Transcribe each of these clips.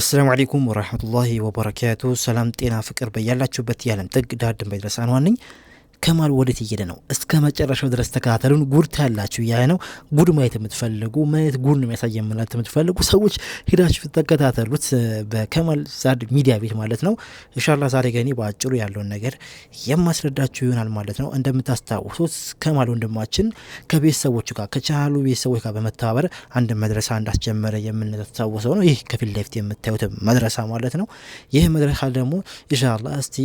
አሰላሙ አሌይኩም ወረህመቱላሂ ወበረካቱ። ሰላም ጤና ፍቅር በያላችሁበት የዓለም ጥግ ዳር ድንበር ይድረሳን። ዋነኝ ከማል ወዴት እየሄደ ነው? እስከ መጨረሻው ድረስ ተከታተሉን። ጉድ ታያላችሁ። ያ ነው ጉድ ማየት የምትፈልጉ ማየት ጉድ ነው የሚያሳየ ምላት የምትፈልጉ ሰዎች ሄዳችሁ ተከታተሉት፣ በከማል ዛድ ሚዲያ ቤት ማለት ነው። ኢንሻላ ዛሬ ገኒ በአጭሩ ያለውን ነገር የማስረዳችሁ ይሆናል ማለት ነው። እንደምታስታውሱት ከማል ወንድማችን ከቤተሰቦቹ ጋር ከቻሉ ቤተሰቦች ጋር በመተባበር አንድ መድረሳ እንዳስጀመረ የምንታወሰው ነው። ይህ ከፊት ለፊት የምታዩት መድረሳ ማለት ነው። ይህ መድረሳ ደግሞ ኢንሻላ እስቲ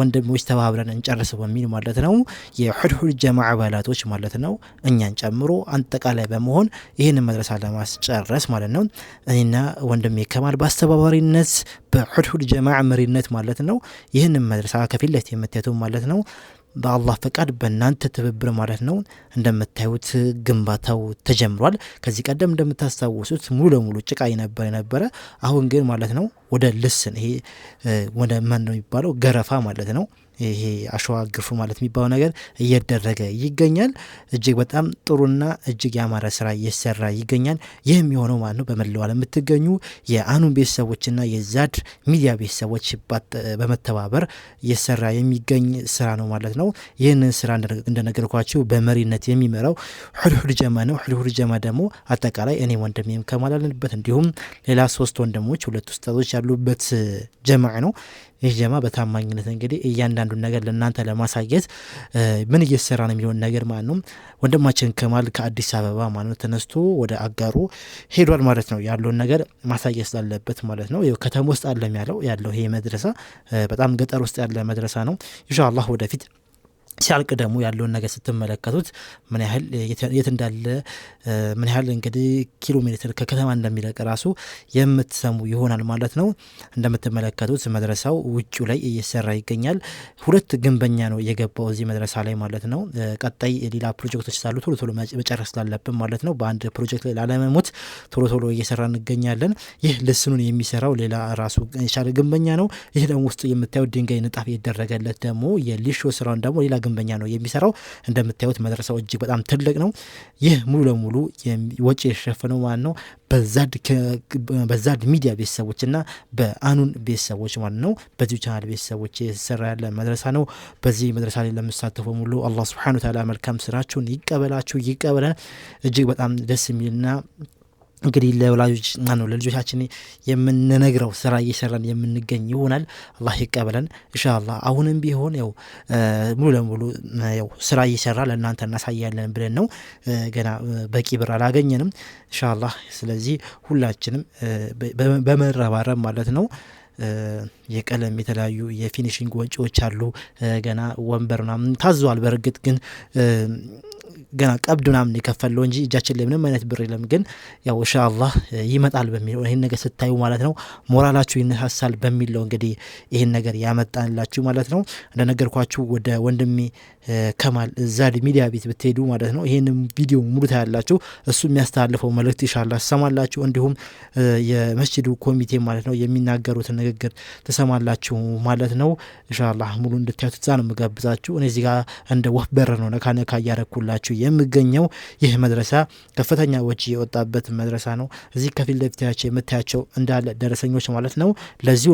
ወንድሞች ተባብረን እንጨርስ በሚል ማለት ነው የሑድሑድ ጀማ አባላቶች ማለት ነው እኛን ጨምሮ አጠቃላይ በመሆን ይህን መድረሳ ለማስጨረስ ማለት ነው እኔና ወንድሜ ከማል በአስተባባሪነት በሑድሑድ ጀማ መሪነት ማለት ነው ይህን መድረሳ ከፊት ለፊት የምታዩት ማለት ነው በአላህ ፈቃድ በእናንተ ትብብር ማለት ነው እንደምታዩት ግንባታው ተጀምሯል። ከዚህ ቀደም እንደምታስታውሱት ሙሉ ለሙሉ ጭቃ ነበር የነበረ። አሁን ግን ማለት ነው ወደ ልስን ይሄ ወደ ማን ነው የሚባለው ገረፋ ማለት ነው ይሄ አሸዋ ግፉ ማለት የሚባለው ነገር እየደረገ ይገኛል። እጅግ በጣም ጥሩና እጅግ ያማረ ስራ እየሰራ ይገኛል። ይህም የሆነው ማለት ነው በመላው ዓለም የምትገኙ የአኑን ቤተሰቦችና የዛድ ሚዲያ ቤተሰቦች በመተባበር እየሰራ የሚገኝ ስራ ነው ማለት ነው። ይህንን ስራ እንደነገርኳቸው በመሪነት የሚመራው ሁልሁል ጀማ ነው። ሁልሁል ጀማ ደግሞ አጠቃላይ እኔ ወንድሜም ከማላለንበት እንዲሁም ሌላ ሶስት ወንድሞች ሁለት ውስጣቶች ያሉበት ጀማ ነው። ይህ ጀማ በታማኝነት እንግዲህ እያንዳንዱ እያንዳንዱን ነገር ለእናንተ ለማሳየት ምን እየሰራ ነው የሚለውን ነገር ማለት ነው። ወንድማችን ከማል ከአዲስ አበባ ማለት ነው ተነስቶ ወደ አጋሩ ሄዷል ማለት ነው። ያለውን ነገር ማሳየት ስላለበት ማለት ነው። ከተማ ውስጥ አለም ያለው ያለው ይሄ መድረሳ በጣም ገጠር ውስጥ ያለ መድረሳ ነው። ኢንሻ አላህ ወደፊት ሲያልቅ ደግሞ ያለውን ነገር ስትመለከቱት ምን ያህል የት እንዳለ ምን ያህል እንግዲህ ኪሎ ሜትር ከከተማ እንደሚለቅ ራሱ የምትሰሙ ይሆናል ማለት ነው። እንደምትመለከቱት መድረሳው ውጩ ላይ እየሰራ ይገኛል። ሁለት ግንበኛ ነው የገባው እዚህ መድረሳ ላይ ማለት ነው። ቀጣይ ሌላ ፕሮጀክቶች ሳሉ ቶሎ ቶሎ መጨረስ ስላለብን ማለት ነው። በአንድ ፕሮጀክት ላይ ላለመሞት ቶሎ ቶሎ እየሰራ እንገኛለን። ይህ ልስኑን የሚሰራው ሌላ ራሱ የቻለ ግንበኛ ነው። ይህ ደግሞ ውስጡ የምታየው ድንጋይ ንጣፍ የደረገለት ደግሞ የሊሾ ስራውን ደግሞ ሌላ ግንበኛ ነው የሚሰራው። እንደምታዩት መድረሳው እጅግ በጣም ትልቅ ነው። ይህ ሙሉ ለሙሉ ወጪ የሸፈነው ማለት ነው በዛድ ሚዲያ ቤተሰቦች ና በአኑን ቤተሰቦች ማለት ነው። በዚሁ ቻናል ቤተሰቦች የተሰራ ያለ መድረሳ ነው። በዚህ መድረሳ ላይ ለምሳተፉ ሙሉ አላ ስብን ታላ መልካም ስራችሁን ይቀበላችሁ ይቀበለን እጅግ በጣም ደስ የሚልና እንግዲህ ለወላጆች ና ነው ለልጆቻችን የምንነግረው ስራ እየሰራን የምንገኝ ይሆናል። አላህ ይቀበለን ኢንሻአላህ። አሁንም ቢሆን ያው ሙሉ ለሙሉ ያው ስራ እየሰራ ለእናንተ እናሳያለን ብለን ነው። ገና በቂ ብር አላገኘንም እንሻላ ስለዚህ ሁላችንም በመረባረብ ማለት ነው የቀለም የተለያዩ የፊኒሽንግ ወጪዎች አሉ። ገና ወንበር ምናምን ታዘዋል። በእርግጥ ግን ገና ቀብድ ምናምን የከፈለው እንጂ እጃችን ላይ ምንም አይነት ብር የለም። ግን ያው ኢንሻአላህ ይመጣል በሚል ይህን ነገር ስታዩ ማለት ነው ሞራላችሁ ይነሳሳል በሚል በሚለው እንግዲህ ይህን ነገር ያመጣንላችሁ ማለት ነው። እንደነገርኳችሁ ወደ ወንድሜ ከማል ዛድ ሚዲያ ቤት ብትሄዱ ማለት ነው ይህንም ቪዲዮ ሙሉ ታያላችሁ። እሱ የሚያስተላልፈው መልእክት ኢንሻአላህ ትሰማላችሁ። እንዲሁም የመስጅዱ ኮሚቴ ማለት ነው የሚናገሩትን ንግግር ትሰማላችሁ ማለት ነው። ኢንሻአላህ ሙሉ እንድታዩት ዛ ነው የምጋብዛችሁ። እኔ እዚህ እንደ ወፍ በረር ነው ነካ ነካ እያረኩላችሁ የሚገኘው ይህ መድረሳ ከፍተኛ ወጪ የወጣበት መድረሳ ነው። እዚህ ከፊት ለፊታቸው የምታያቸው እንዳለ ደረሰኞች ማለት ነው። ለዚሁ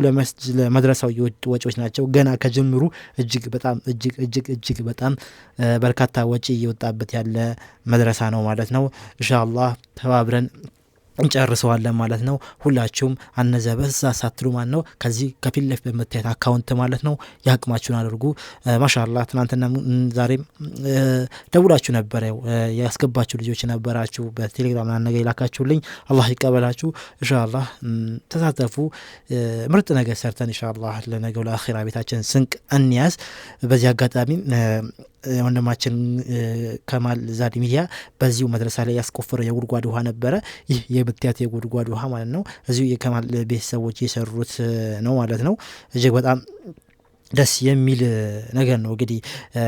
ለመድረሳው ወጪዎች ናቸው። ገና ከጀምሩ እጅግ በጣም እጅግ እጅግ እጅግ በጣም በርካታ ወጪ እየወጣበት ያለ መድረሳ ነው ማለት ነው። ኢንሻአላህ ተባብረን እንጨርሰዋለን ማለት ነው። ሁላችሁም በዛ ሳትሉ ማለት ነው ከዚህ ከፊት ለፊት በምታየት አካውንት ማለት ነው የአቅማችሁን አድርጉ። ማሻላ ትናንትና ዛሬም ደውላችሁ ነበረ ያስገባችሁ ልጆች ነበራችሁ በቴሌግራም ነገር የላካችሁልኝ አላህ ይቀበላችሁ። እንሻላ ተሳተፉ። ምርጥ ነገር ሰርተን እንሻላ ለነገው ለአኼራ ቤታችን ስንቅ እንያዝ። በዚህ አጋጣሚ ወንድማችን ከማል ዛድ ሚዲያ በዚሁ መድረሳ ላይ ያስቆፈረው የጉድጓድ ውሃ ነበረ። ይህ የብትያት የጉድጓድ ውሃ ማለት ነው። እዚሁ የከማል ቤተሰቦች የሰሩት ነው ማለት ነው። እጅግ በጣም ደስ የሚል ነገር ነው። እንግዲህ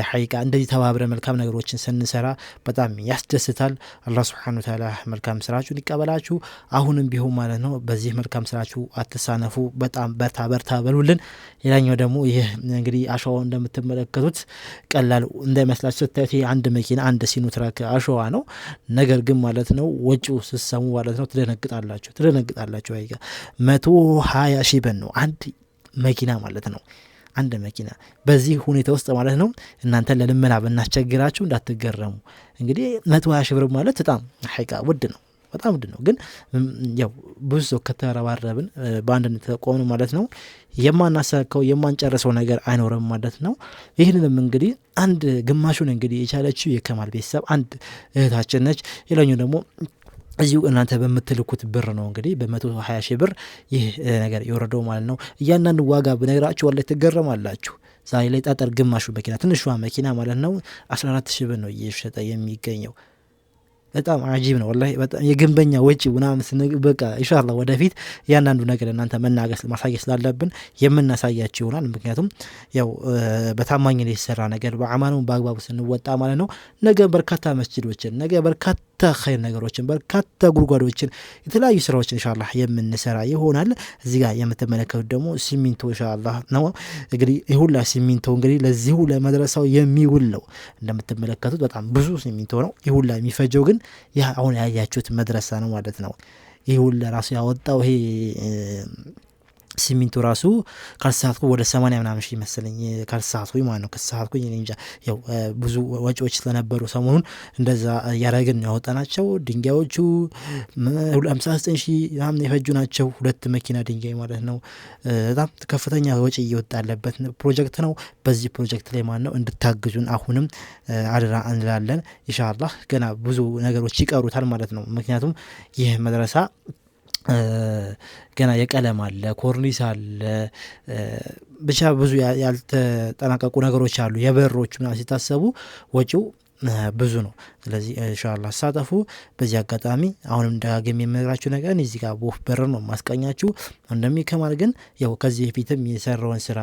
ሐቂቃ እንደዚህ ተባብረ መልካም ነገሮችን ስንሰራ በጣም ያስደስታል። አላ ስብሐነ ታላ መልካም ስራችሁን ይቀበላችሁ። አሁንም ቢሆን ማለት ነው በዚህ መልካም ስራችሁ አትሳነፉ። በጣም በርታ በርታ በሉልን። ሌላኛው ደግሞ ይህ እንግዲህ አሸዋው እንደምትመለከቱት ቀላል እንዳይመስላችሁ ስታዩት አንድ መኪና አንድ ሲኖትራክ አሸዋ ነው። ነገር ግን ማለት ነው ወጪው ስሰሙ ማለት ነው ትደነግጣላችሁ፣ ትደነግጣላችሁ። ሐቂቃ መቶ ሀያ ሺህ ብር ነው አንድ መኪና ማለት ነው። አንድ መኪና በዚህ ሁኔታ ውስጥ ማለት ነው። እናንተን ለልመና ብናስቸግራችሁ እንዳትገረሙ። እንግዲህ መቶ ሀያ ሺህ ብር ማለት በጣም ሐቂቃ ውድ ነው፣ በጣም ውድ ነው። ግን ያው ብዙ ሰው ከተረባረብን በአንድነት ተቆምን ማለት ነው የማናሳካው የማንጨርሰው ነገር አይኖርም ማለት ነው። ይህንንም እንግዲህ አንድ ግማሹን እንግዲህ የቻለችው የከማል ቤተሰብ አንድ እህታችን ነች። ሌላኛው ደግሞ እዚሁ እናንተ በምትልኩት ብር ነው እንግዲህ በመቶ 120 ሺህ ብር ይህ ነገር የወረደው ማለት ነው። እያንዳንዱ ዋጋ ብነግራችኋለሁ ትገረማላችሁ። ዛሬ ላይ ጠጠር ግማሹ መኪና ትንሿ መኪና ማለት ነው 14 ሺህ ብር ነው እየሸጠ የሚገኘው። በጣም አጂብ ነው ወላሂ። በጣም የግንበኛ ወጪ ምናምን በቃ ኢንሻላ ወደፊት እያንዳንዱ ነገር እናንተ መናገስ ማሳየት ስላለብን የምናሳያችሁ ይሆናል። ምክንያቱም ያው በታማኝነት የተሰራ ነገር በአማኑን በአግባቡ ስንወጣ ማለት ነው ነገ በርካታ መስጅዶችን ነገ በርካታ በርካታ ኸይር ነገሮችን በርካታ ጉድጓዶችን የተለያዩ ስራዎች እንሻላ የምንሰራ ይሆናል። እዚህ ጋር የምትመለከቱት ደግሞ ሲሚንቶ እንሻላ ነው። እንግዲህ ይሁላ ሲሚንቶ እንግዲህ ለዚሁ ለመድረሳው የሚውል ነው። እንደምትመለከቱት በጣም ብዙ ሲሚንቶ ነው። ይሁላ የሚፈጀው ግን አሁን ያያችሁት መድረሳ ነው ማለት ነው። ይህ ራሱ ያወጣው ይሄ ሲሚንቱ ራሱ ካልተሳትኩ ወደ ሰማኒያ ምናምን ሺህ መሰለኝ ካልተሳትኩኝ ማለት ነው። ከተሳትኩኝ እንጃ ያው ብዙ ወጪዎች ስለነበሩ ሰሞኑን እንደዛ እያደረግን ነው ያወጣናቸው። ድንጋዮቹ ሀምሳ ዘጠኝ ሺ ምናምን የፈጁ ናቸው። ሁለት መኪና ድንጋይ ማለት ነው። በጣም ከፍተኛ ወጪ እየወጣ ያለበት ፕሮጀክት ነው። በዚህ ፕሮጀክት ላይ ማለት ነው እንድታግዙን አሁንም አደራ እንላለን። ኢንሻላህ ገና ብዙ ነገሮች ይቀሩታል ማለት ነው። ምክንያቱም ይህ መድረሳ ገና የቀለም አለ፣ ኮርኒስ አለ፣ ብቻ ብዙ ያልተጠናቀቁ ነገሮች አሉ። የበሮች ምናምን ሲታሰቡ ወጪው ብዙ ነው። ስለዚህ ኢንሻላህ አሳተፉ። በዚህ አጋጣሚ አሁንም ደጋግሜ የምነግራችሁ ነገር እዚህ ጋር ቦፍ በር ነው የማስቀኛችሁ እንደሚከማል ግን ያው ከዚህ በፊትም የሰራውን ስራ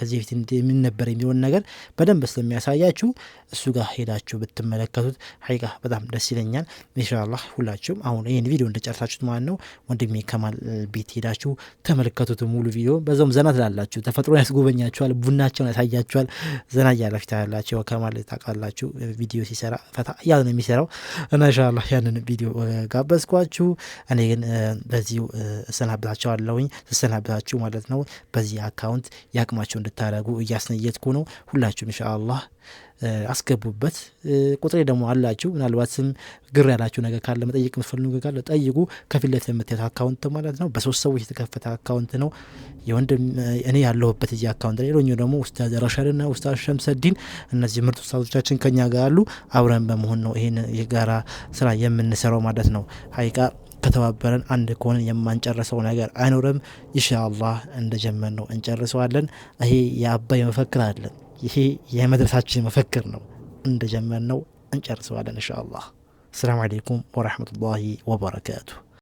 ከዚህ በፊት ምን ነበር የሚለውን ነገር በደንብ ስለሚያሳያችሁ እሱ ጋር ሄዳችሁ ብትመለከቱት ሀቂቃ በጣም ደስ ይለኛል። ኢንሻላህ ሁላችሁም አሁን ይህን ቪዲዮ እንደጨርሳችሁት ማለት ነው ወንድሜ ከማል ቤት ሄዳችሁ ተመለከቱት ሙሉ ቪዲዮ። በዛውም ዘና ትላላችሁ፣ ተፈጥሮ ያስጎበኛችኋል፣ ቡናቸውን ያሳያችኋል፣ ዘና እያላችሁ ታያላችሁ። ከማል ታውቃላችሁ፣ ቪዲዮ ሲሰራ ፈታ እያለ ነው የሚሰራው እና ኢንሻላህ ያንን ቪዲዮ ጋበዝኳችሁ። እኔ ግን በዚሁ እሰናብታችኋለሁኝ፣ ስሰናብታችሁ ማለት ነው በዚህ አካውንት የአቅማቸው እንድታደረጉ እያስነየትኩ ነው። ሁላችሁም እንሻ አላህ አስገቡበት። ቁጥሬ ደግሞ አላችሁ። ምናልባትም ግር ያላችሁ ነገር ካለ መጠየቅ የምትፈልጉ ካለ ጠይቁ። ከፊት ለፊት የምታዩት አካውንት ማለት ነው። በሶስት ሰዎች የተከፈተ አካውንት ነው። የወንድም እኔ ያለሁበት እዚህ አካውንት ላይ ሌሎኛው ደግሞ ኡስታዝ ረሻድና ኡስታዝ ሸምሰዲን እነዚህ ምርጥ ኡስታዞቻችን ከኛ ጋር አሉ። አብረን በመሆን ነው ይህን የጋራ ስራ የምንሰራው ማለት ነው ሀይቃ ከተባበረን አንድ ከሆነን የማንጨርሰው ነገር አይኖርም። ኢንሻአላህ ነው እንጨርሰዋለን። ይሄ የአባይ መፈክር አለን። ይሄ የመድረሳችን መፈክር ነው። ነው እንጨርሰዋለን ኢንሻአላህ። አሰላሙ አለይኩም ወረህመቱላሂ ወበረካቱ።